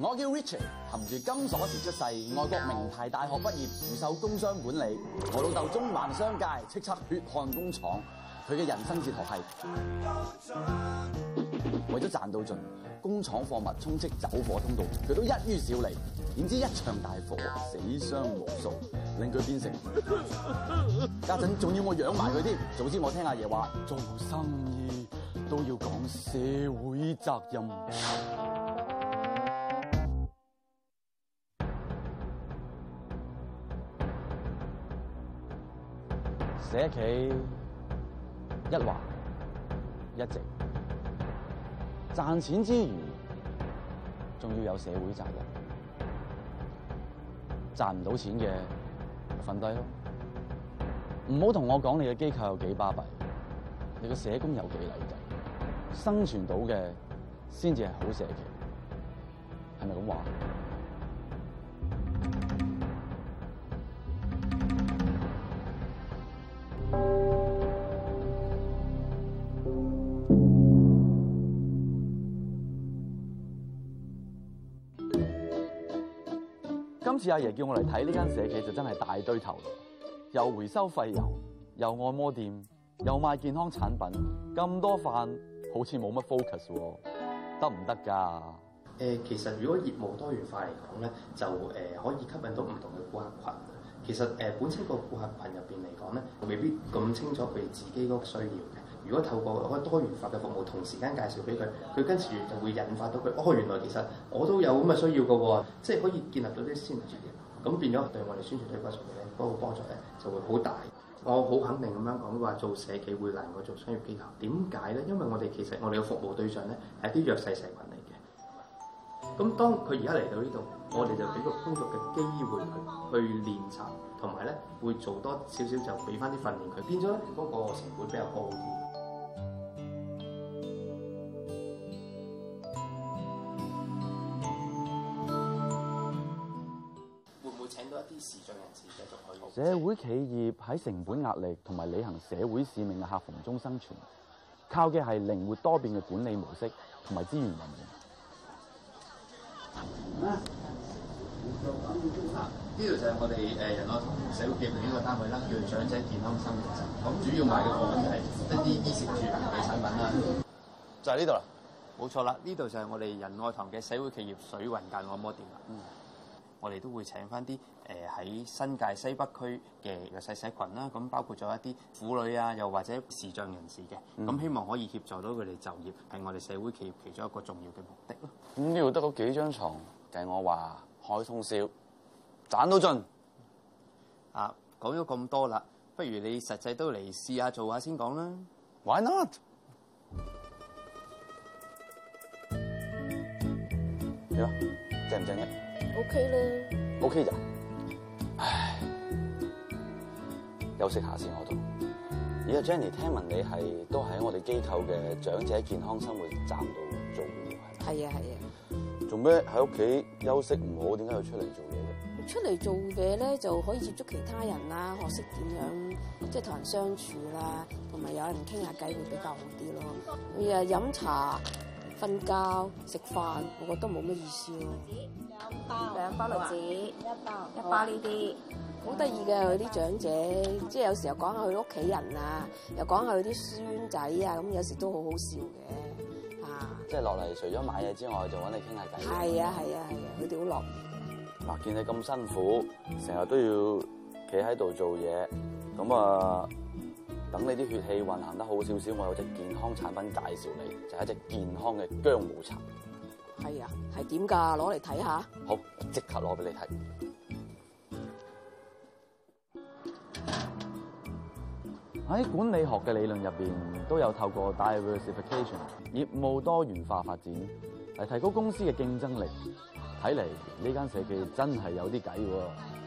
我叫 Richie，含住金鎖匙出世，外國名牌大學畢業，主修工商管理。我老豆中環商界，叱吒血汗工廠。佢嘅人生哲學係為咗賺到盡，工廠貨物充斥走火通道，佢都一於少理。點知一場大火，死傷無數，令佢變成家陣仲要我養埋佢添。早知我聽阿爺話，做生意都要講社會責任。社企一橫一直賺錢之餘，仲要有社會責任，賺唔到錢嘅，瞓低咯。唔好同我講你嘅機構有幾巴閉，你嘅社工有幾勵志，生存到嘅先至係好社企，係咪咁話？今次阿爺叫我嚟睇呢間社企就真係大堆頭，又回收廢油，又按摩店，又賣健康產品，咁多範好似冇乜 focus 喎，得唔得㗎？誒，其實如果業務多元化嚟講咧，就誒可以吸引到唔同嘅顧客群。其實誒本身個顧客群入邊嚟講咧，未必咁清楚佢哋自己個需要嘅。如果透過開多元化嘅服務，同時間介紹俾佢，佢跟住就會引發到佢哦。原來其實我都有咁嘅需要嘅喎，即係可以建立到啲先例嘅。咁變咗對我哋宣傳呢一個嘢咧，嗰個幫助咧就會好大。我好肯定咁樣講話，做社企會難過做商業機構。點解咧？因為我哋其實我哋嘅服務對象咧係啲弱勢社群嚟嘅。咁當佢而家嚟到呢度，我哋就俾個工作嘅機會佢去練習，同埋咧會做多少少就俾翻啲訓練佢，變咗咧嗰個成本比較高啲。社會企業喺成本壓力同埋履行社會使命嘅夾縫中生存，靠嘅係靈活多變嘅管理模式同埋資源運用。呢度就係我哋誒仁愛堂社會企業呢個單位啦，叫長者健康生活站。好，主要賣嘅貨品就係一啲衣食住行嘅產品啦。就係呢度啦，冇錯啦。呢度就係我哋仁愛堂嘅社會企業水雲間按摩店啦。嗯我哋都會請翻啲誒喺新界西北區嘅弱勢社群啦、啊，咁包括咗一啲婦女啊，又或者視障人士嘅，咁、嗯、希望可以協助到佢哋就業，係我哋社會企業其中一個重要嘅目的咯、啊。咁呢度得嗰幾張牀，計、就是、我話開通宵，賺到盡啊！講咗咁多啦，不如你實際都嚟試下做下先講啦。Why not？點正唔正嘅？O K 啦，O K 咋？唉，休息下先我都。而、哎、家 Jenny 聽聞你係都喺我哋機構嘅長者健康生活站度做，係啊係啊。做咩喺屋企休息唔好？點解要出嚟做嘢啫？出嚟做嘢咧就可以接觸其他人啦，學識點樣即係同人相處啦，同埋有，有人傾下偈會比較好啲咯。而家飲茶。瞓覺食飯，我覺得冇乜意思咯。兩包栗子，一包、啊、一包呢啲，好得意嘅佢啲長者，即係有時候講下佢屋企人啊，又講下佢啲孫仔啊，咁有時都好好笑嘅嚇。即係落嚟，除咗買嘢之外，就揾你傾下偈。係啊係啊係啊，佢哋好樂意。嗱、啊，見你咁辛苦，成、嗯、日都要企喺度做嘢，咁啊。等你啲血氣運行得好少少，我有隻健康產品介紹你，就係一隻健康嘅薑母茶。係啊，係點噶？攞嚟睇下。好，即刻攞俾你睇。喺管理學嘅理論入面，都有透過 diversification 業務多元化發展，嚟提高公司嘅競爭力。睇嚟呢間社企真係有啲計喎。